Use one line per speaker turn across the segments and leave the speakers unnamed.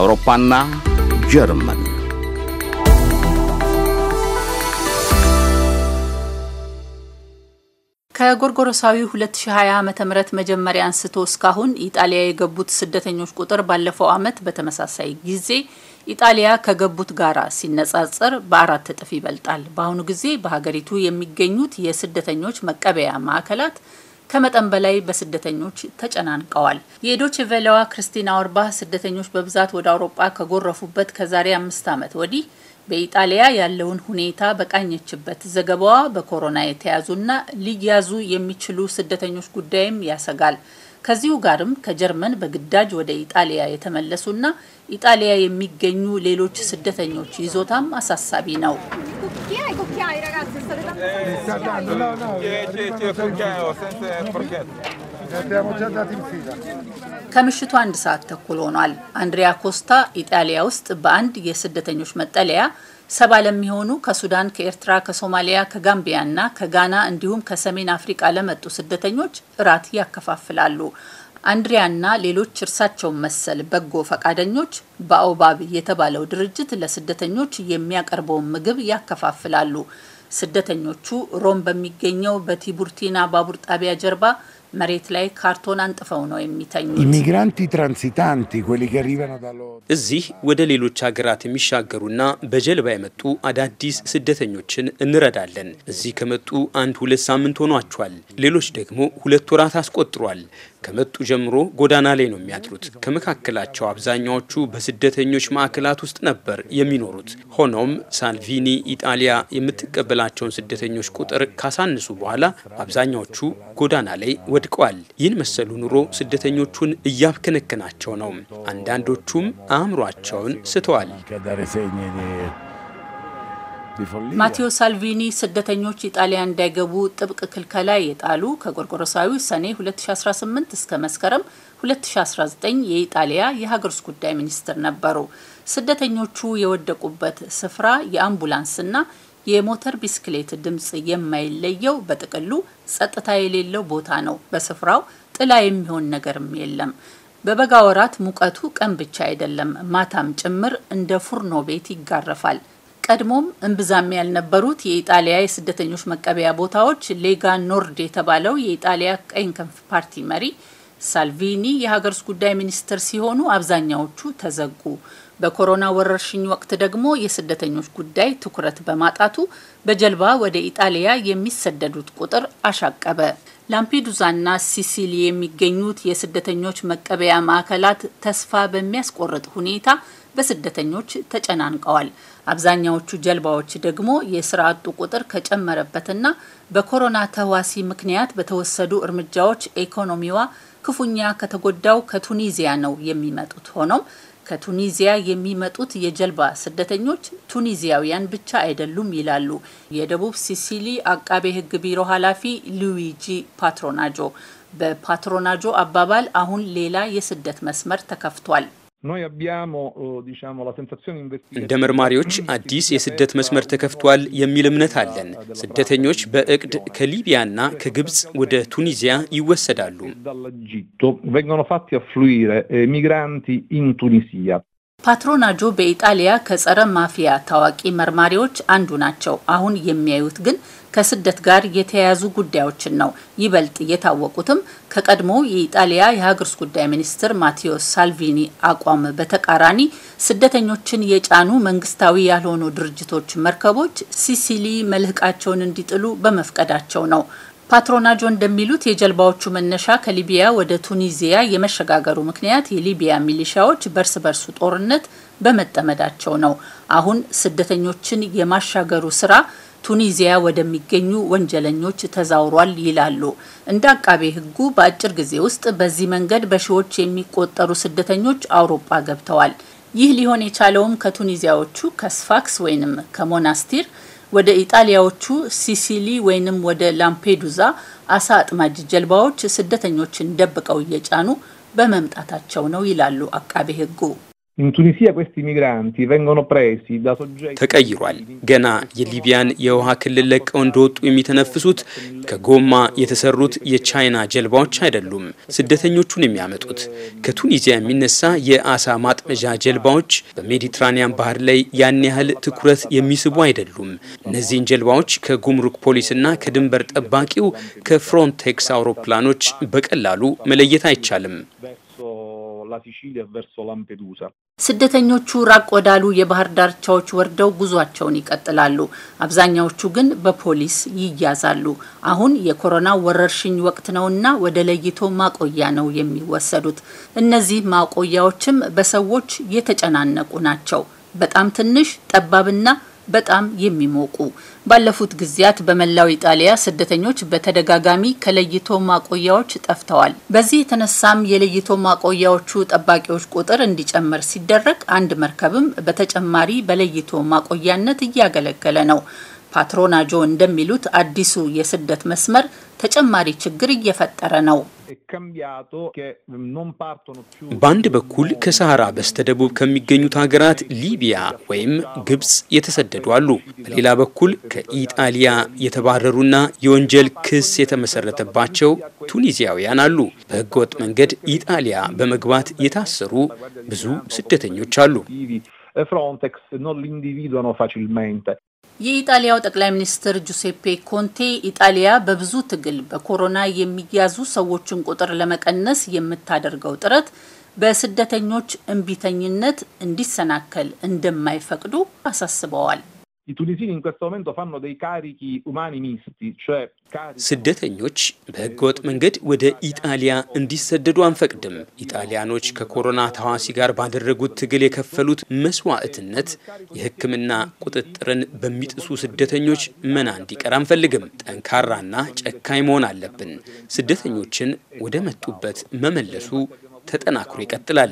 አውሮፓና ጀርመን
ከጎርጎሮሳዊ 2020 ዓ ም መጀመሪያ አንስቶ እስካሁን ኢጣሊያ የገቡት ስደተኞች ቁጥር ባለፈው ዓመት በተመሳሳይ ጊዜ ኢጣሊያ ከገቡት ጋር ሲነጻጸር በአራት እጥፍ ይበልጣል። በአሁኑ ጊዜ በሀገሪቱ የሚገኙት የስደተኞች መቀበያ ማዕከላት ከመጠን በላይ በስደተኞች ተጨናንቀዋል። የዶች ቬለዋ ክርስቲና ኦርባህ ስደተኞች በብዛት ወደ አውሮጳ ከጎረፉበት ከዛሬ አምስት ዓመት ወዲህ በኢጣሊያ ያለውን ሁኔታ በቃኘችበት ዘገባዋ በኮሮና የተያዙና ሊያዙ የሚችሉ ስደተኞች ጉዳይም ያሰጋል። ከዚሁ ጋርም ከጀርመን በግዳጅ ወደ ኢጣሊያ የተመለሱና ኢጣሊያ የሚገኙ ሌሎች ስደተኞች ይዞታም አሳሳቢ ነው።
eh, no, no,
ከምሽቱ አንድ ሰዓት ተኩል ሆኗል። አንድሪያ ኮስታ ኢጣሊያ ውስጥ በአንድ የስደተኞች መጠለያ ሰባ ለሚሆኑ ከሱዳን፣ ከኤርትራ፣ ከሶማሊያ፣ ከጋምቢያ ና ከጋና እንዲሁም ከሰሜን አፍሪቃ ለመጡ ስደተኞች እራት ያከፋፍላሉ። አንድሪያ ና ሌሎች እርሳቸውን መሰል በጎ ፈቃደኞች በአውባብ የተባለው ድርጅት ለስደተኞች የሚያቀርበውን ምግብ ያከፋፍላሉ። ስደተኞቹ ሮም በሚገኘው በቲቡርቲና ባቡር ጣቢያ ጀርባ መሬት ላይ ካርቶን አንጥፈው ነው የሚተኙት።
እዚህ ወደ ሌሎች ሀገራት የሚሻገሩና በጀልባ የመጡ አዳዲስ ስደተኞችን እንረዳለን። እዚህ ከመጡ አንድ ሁለት ሳምንት ሆኗቸዋል። ሌሎች ደግሞ ሁለት ወራት አስቆጥሯል። ከመጡ ጀምሮ ጎዳና ላይ ነው የሚያድሩት። ከመካከላቸው አብዛኛዎቹ በስደተኞች ማዕከላት ውስጥ ነበር የሚኖሩት። ሆኖም ሳልቪኒ ኢጣሊያ የምትቀበላቸውን ስደተኞች ቁጥር ካሳንሱ በኋላ አብዛኛዎቹ ጎዳና ላይ ወድቀዋል። ይህን መሰሉ ኑሮ ስደተኞቹን እያብከነከናቸው ነው። አንዳንዶቹም አእምሯቸውን ስተዋል። ማቴዎ
ሳልቪኒ ስደተኞች ኢጣሊያ እንዳይገቡ ጥብቅ ክልከላ የጣሉ ከጎርጎረሳዊ ሰኔ 2018 እስከ መስከረም 2019 የኢጣሊያ የሀገር ውስጥ ጉዳይ ሚኒስትር ነበሩ። ስደተኞቹ የወደቁበት ስፍራ የአምቡላንስና የሞተር ቢስክሌት ድምፅ የማይለየው በጥቅሉ ጸጥታ የሌለው ቦታ ነው። በስፍራው ጥላ የሚሆን ነገርም የለም። በበጋ ወራት ሙቀቱ ቀን ብቻ አይደለም፣ ማታም ጭምር እንደ ፉርኖ ቤት ይጋረፋል። ቀድሞም እምብዛም ያልነበሩት የኢጣሊያ የስደተኞች መቀበያ ቦታዎች ሌጋ ኖርድ የተባለው የኢጣሊያ ቀኝ ክንፍ ፓርቲ መሪ ሳልቪኒ የሀገር ውስጥ ጉዳይ ሚኒስትር ሲሆኑ አብዛኛዎቹ ተዘጉ። በኮሮና ወረርሽኝ ወቅት ደግሞ የስደተኞች ጉዳይ ትኩረት በማጣቱ በጀልባ ወደ ኢጣሊያ የሚሰደዱት ቁጥር አሻቀበ። ላምፔዱዛና ሲሲሊ የሚገኙት የስደተኞች መቀበያ ማዕከላት ተስፋ በሚያስቆርጥ ሁኔታ በስደተኞች ተጨናንቀዋል። አብዛኛዎቹ ጀልባዎች ደግሞ የስራ አጡ ቁጥር ከጨመረበትና በኮሮና ተህዋሲ ምክንያት በተወሰዱ እርምጃዎች ኢኮኖሚዋ ክፉኛ ከተጎዳው ከቱኒዚያ ነው የሚመጡት። ሆኖም ከቱኒዚያ የሚመጡት የጀልባ ስደተኞች ቱኒዚያውያን ብቻ አይደሉም ይላሉ የደቡብ ሲሲሊ አቃቤ ሕግ ቢሮ ኃላፊ ሉዊጂ ፓትሮናጆ። በፓትሮናጆ አባባል አሁን ሌላ የስደት መስመር ተከፍቷል።
እንደ መርማሪዎች eh, አዲስ የስደት መስመር ተከፍቷል የሚል እምነት አለን። ስደተኞች e በእቅድ ከሊቢያና ከግብፅ e ወደ ቱኒዚያ ይወሰዳሉ።
ፓትሮናጆ e በኢጣሊያ eh, ከጸረ ማፊያ ታዋቂ መርማሪዎች አንዱ ናቸው። አሁን የሚያዩት ግን ከስደት ጋር የተያያዙ ጉዳዮችን ነው። ይበልጥ የታወቁትም ከቀድሞ የኢጣሊያ የሀገር ውስጥ ጉዳይ ሚኒስትር ማቴዎ ሳልቪኒ አቋም በተቃራኒ ስደተኞችን የጫኑ መንግስታዊ ያልሆኑ ድርጅቶች መርከቦች ሲሲሊ መልህቃቸውን እንዲጥሉ በመፍቀዳቸው ነው። ፓትሮናጆ እንደሚሉት የጀልባዎቹ መነሻ ከሊቢያ ወደ ቱኒዚያ የመሸጋገሩ ምክንያት የሊቢያ ሚሊሻዎች በርስ በርሱ ጦርነት በመጠመዳቸው ነው። አሁን ስደተኞችን የማሻገሩ ስራ ቱኒዚያ ወደሚገኙ ወንጀለኞች ተዛውሯል ይላሉ። እንደ አቃቤ ሕጉ በአጭር ጊዜ ውስጥ በዚህ መንገድ በሺዎች የሚቆጠሩ ስደተኞች አውሮፓ ገብተዋል። ይህ ሊሆን የቻለውም ከቱኒዚያዎቹ ከስፋክስ ወይንም ከሞናስቲር ወደ ኢጣሊያዎቹ ሲሲሊ ወይንም ወደ ላምፔዱዛ አሳ አጥማጅ ጀልባዎች ስደተኞችን ደብቀው እየጫኑ በመምጣታቸው ነው ይላሉ አቃቤ ሕጉ።
ተቀይሯል። ገና የሊቢያን የውሃ ክልል ለቀው እንደወጡ የሚተነፍሱት ከጎማ የተሰሩት የቻይና ጀልባዎች አይደሉም። ስደተኞቹን የሚያመጡት ከቱኒዚያ የሚነሳ የአሳ ማጥመዣ ጀልባዎች በሜዲትራኒያን ባህር ላይ ያን ያህል ትኩረት የሚስቡ አይደሉም። እነዚህን ጀልባዎች ከጉምሩክ ፖሊስና ከድንበር ጠባቂው ከፍሮንቴክስ አውሮፕላኖች በቀላሉ መለየት አይቻልም። la ቨርሶ ላምፔዱሳ
ስደተኞቹ ራቅ ወዳሉ የባህር ዳርቻዎች ወርደው ጉዟቸውን ይቀጥላሉ። አብዛኛዎቹ ግን በፖሊስ ይያዛሉ። አሁን የኮሮና ወረርሽኝ ወቅት ነውና ወደ ለይቶ ማቆያ ነው የሚወሰዱት። እነዚህ ማቆያዎችም በሰዎች የተጨናነቁ ናቸው። በጣም ትንሽ ጠባብና በጣም የሚሞቁ ባለፉት ጊዜያት በመላው ኢጣሊያ ስደተኞች በተደጋጋሚ ከለይቶ ማቆያዎች ጠፍተዋል። በዚህ የተነሳም የለይቶ ማቆያዎቹ ጠባቂዎች ቁጥር እንዲጨምር ሲደረግ አንድ መርከብም በተጨማሪ በለይቶ ማቆያነት እያገለገለ ነው። ፓትሮናጆ እንደሚሉት አዲሱ የስደት መስመር ተጨማሪ ችግር እየፈጠረ ነው።
በአንድ በኩል ከሰሃራ በስተደቡብ ከሚገኙት ሀገራት ሊቢያ ወይም ግብፅ የተሰደዱ አሉ። በሌላ በኩል ከኢጣሊያ የተባረሩና የወንጀል ክስ የተመሰረተባቸው ቱኒዚያውያን አሉ። በህገወጥ መንገድ ኢጣሊያ በመግባት የታሰሩ ብዙ ስደተኞች አሉ። Frontex non li individuano facilmente.
የኢጣሊያው ጠቅላይ ሚኒስትር ጁሴፔ ኮንቴ ኢጣሊያ በብዙ ትግል በኮሮና የሚያዙ ሰዎችን ቁጥር ለመቀነስ የምታደርገው ጥረት በስደተኞች እምቢተኝነት እንዲሰናከል እንደማይፈቅዱ አሳስበዋል።
tunisini in questo momento fanno dei carichi umani misti, cioè ስደተኞች eh, በህገወጥ eh, መንገድ ወደ ኢጣሊያ እንዲሰደዱ አንፈቅድም። ኢጣሊያኖች ከኮሮና ተዋሲ ጋር ባደረጉት ትግል የከፈሉት መስዋዕትነት የሕክምና ቁጥጥርን በሚጥሱ ስደተኞች መና እንዲቀር አንፈልግም። ጠንካራና ጨካኝ መሆን አለብን። ስደተኞችን ወደ መጡበት መመለሱ ተጠናክሮ ይቀጥላል።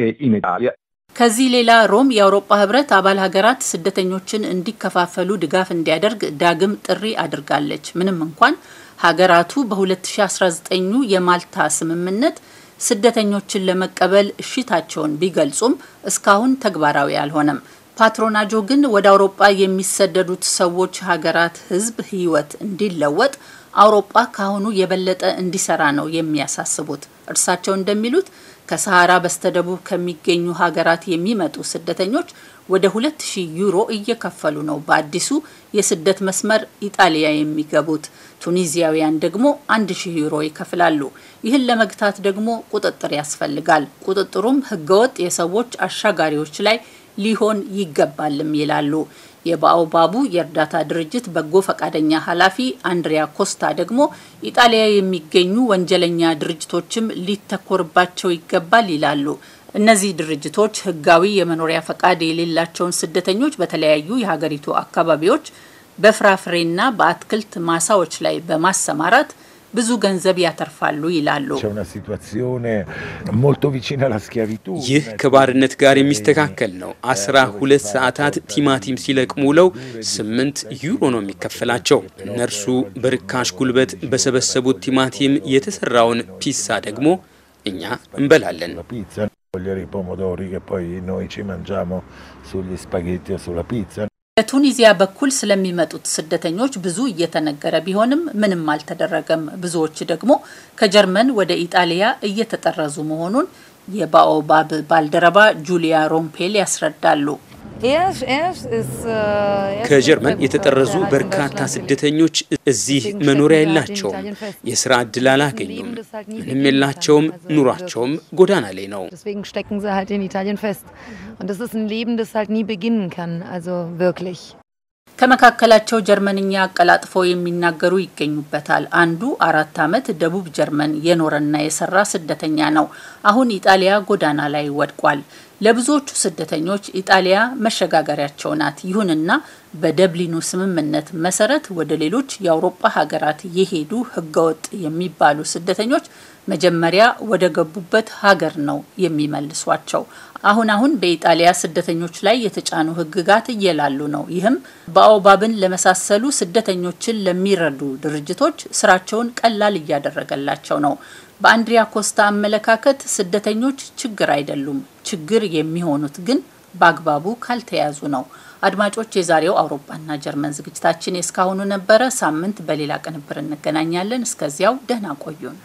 eh,
ከዚህ ሌላ ሮም የአውሮፓ ህብረት አባል ሀገራት ስደተኞችን እንዲከፋፈሉ ድጋፍ እንዲያደርግ ዳግም ጥሪ አድርጋለች። ምንም እንኳን ሀገራቱ በ 2019 የማልታ ስምምነት ስደተኞችን ለመቀበል እሽታቸውን ቢገልጹም እስካሁን ተግባራዊ አልሆነም። ፓትሮናጆ ግን ወደ አውሮጳ የሚሰደዱት ሰዎች ሀገራት ህዝብ ህይወት እንዲለወጥ አውሮጳ ካሁኑ የበለጠ እንዲሰራ ነው የሚያሳስቡት። እርሳቸው እንደሚሉት ከሰሃራ በስተደቡብ ከሚገኙ ሀገራት የሚመጡ ስደተኞች ወደ ሁለት ዩሮ እየከፈሉ ነው በአዲሱ የስደት መስመር ኢጣሊያ የሚገቡት። ቱኒዚያውያን ደግሞ 1000 ዩሮ ይከፍላሉ። ይህን ለመግታት ደግሞ ቁጥጥር ያስፈልጋል። ቁጥጥሩም ህገወጥ የሰዎች አሻጋሪዎች ላይ ሊሆን ይገባልም ይላሉ። የባኦባቡ የእርዳታ ድርጅት በጎ ፈቃደኛ ኃላፊ አንድሪያ ኮስታ ደግሞ ኢጣሊያ የሚገኙ ወንጀለኛ ድርጅቶችም ሊተኮርባቸው ይገባል ይላሉ። እነዚህ ድርጅቶች ህጋዊ የመኖሪያ ፈቃድ የሌላቸውን ስደተኞች በተለያዩ የሀገሪቱ አካባቢዎች በፍራፍሬና በአትክልት ማሳዎች ላይ በማሰማራት ብዙ ገንዘብ ያተርፋሉ ይላሉ።
ይህ ከባርነት ጋር የሚስተካከል ነው። አስራ ሁለት ሰዓታት ቲማቲም ሲለቅሙ ውለው ስምንት ዩሮ ነው የሚከፈላቸው። እነርሱ በርካሽ ጉልበት በሰበሰቡት ቲማቲም የተሰራውን ፒሳ ደግሞ እኛ እንበላለን። ፖሞዶሪ ኖይ ቺ ማንጃሞ ሱሊ ስፓጌቲ ሱላ ፒዛ
በቱኒዚያ በኩል ስለሚመጡት ስደተኞች ብዙ እየተነገረ ቢሆንም ምንም አልተደረገም። ብዙዎች ደግሞ ከጀርመን ወደ ኢጣሊያ እየተጠረዙ መሆኑን የባኦባብ ባልደረባ ጁሊያ ሮምፔል ያስረዳሉ። Uh,
ከጀርመን የተጠረዙ በርካታ ስደተኞች እዚህ መኖሪያ የላቸውም፣ የስራ እድል አላገኙም፣ ምንም የላቸውም። ኑሯቸውም ጎዳና ላይ ነው።
ከመካከላቸው ጀርመንኛ አቀላጥፈው የሚናገሩ ይገኙበታል። አንዱ አራት ዓመት ደቡብ ጀርመን የኖረና የሰራ ስደተኛ ነው። አሁን ኢጣሊያ ጎዳና ላይ ወድቋል። ለብዙዎቹ ስደተኞች ኢጣሊያ መሸጋገሪያቸው ናት። ይሁንና በደብሊኑ ስምምነት መሰረት ወደ ሌሎች የአውሮፓ ሀገራት የሄዱ ህገወጥ የሚባሉ ስደተኞች መጀመሪያ ወደ ገቡበት ሀገር ነው የሚመልሷቸው። አሁን አሁን በኢጣሊያ ስደተኞች ላይ የተጫኑ ህግጋት እየላሉ ነው። ይህም በአውባብን ለመሳሰሉ ስደተኞችን ለሚረዱ ድርጅቶች ስራቸውን ቀላል እያደረገላቸው ነው። በአንድሪያ ኮስታ አመለካከት ስደተኞች ችግር አይደሉም። ችግር የሚሆኑት ግን በአግባቡ ካልተያዙ ነው። አድማጮች፣ የዛሬው አውሮፓና ጀርመን ዝግጅታችን የእስካሁኑ ነበረ። ሳምንት በሌላ ቅንብር እንገናኛለን። እስከዚያው ደህና ቆዩን።